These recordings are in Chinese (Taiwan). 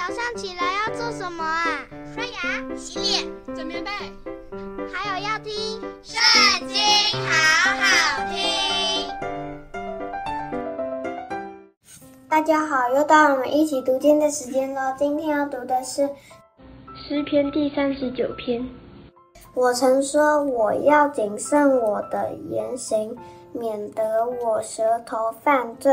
早上起來要做什麼啊？刷牙、洗臉、準備被，還有要聽《聖經》，好好聽。大家好，又到我們一起讀經的時間了。今天要讀的是《詩篇》第三十九篇。我曾說，我要謹慎我的言行，免得我舌頭犯罪。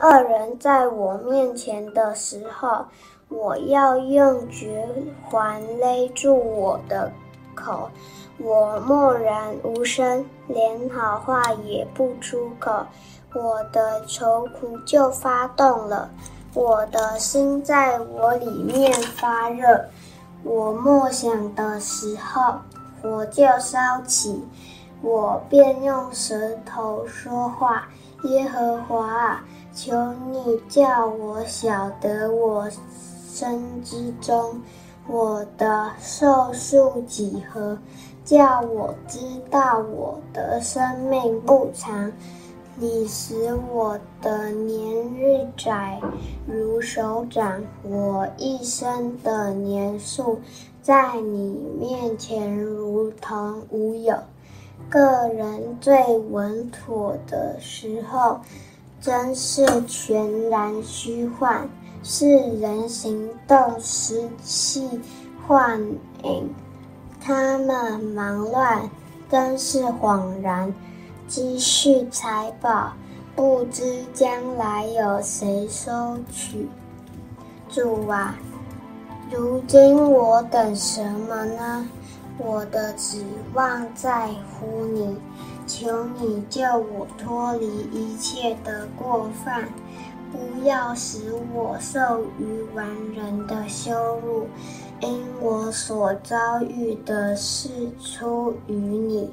惡人在我面前的時候，我要用嚼環勒住我的口，我默然無聲，連好話也不出口。我的愁苦就發動了，我的心在我裡面發熱。我默想的時候，火就燒起，我便用舌頭說話。耶和華啊，求你叫我曉得我。身之終，我的壽數幾何？叫我知道我的生命不長。你使我的年日窄如手掌，我一生的年數，在你面前如同無有。各人最穩妥的時候，真是全然虛幻。世人行動，實係幻影，他們忙亂真是枉然，積蓄財寶，不知將來有誰收取。主啊，如今我等什麼呢？我的指望在乎你，求你救我脫離一切的過犯。不要使我受愚頑人的羞辱，因我所遭遇的是出於你，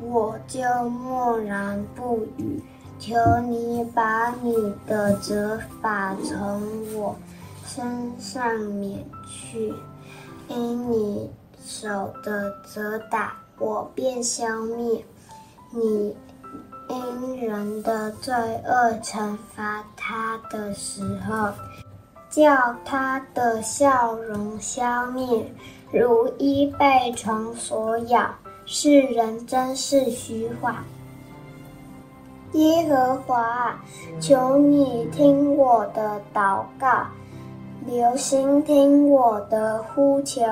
我就默然不語。求你把你的責罰從我身上免去，因你手的責打，我便消滅。你人的罪惡，懲罰他的時候，叫他的笑容消滅，如衣被蟲所咬。世人真是虛幻！耶和華，求你聽我的禱告，留心聽我的呼求。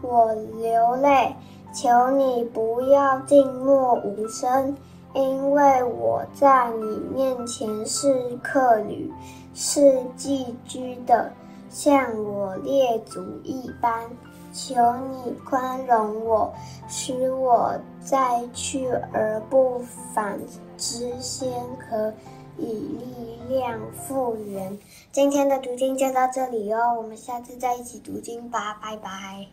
我流淚，求你不要靜默無聲。因為我在你面前是客旅，是寄居的，像我列祖一般，求你寬容我，使我在去而不返之先，可以力量復原。今天的讀經就到這裡哦，我們下次再一起讀經吧，拜拜。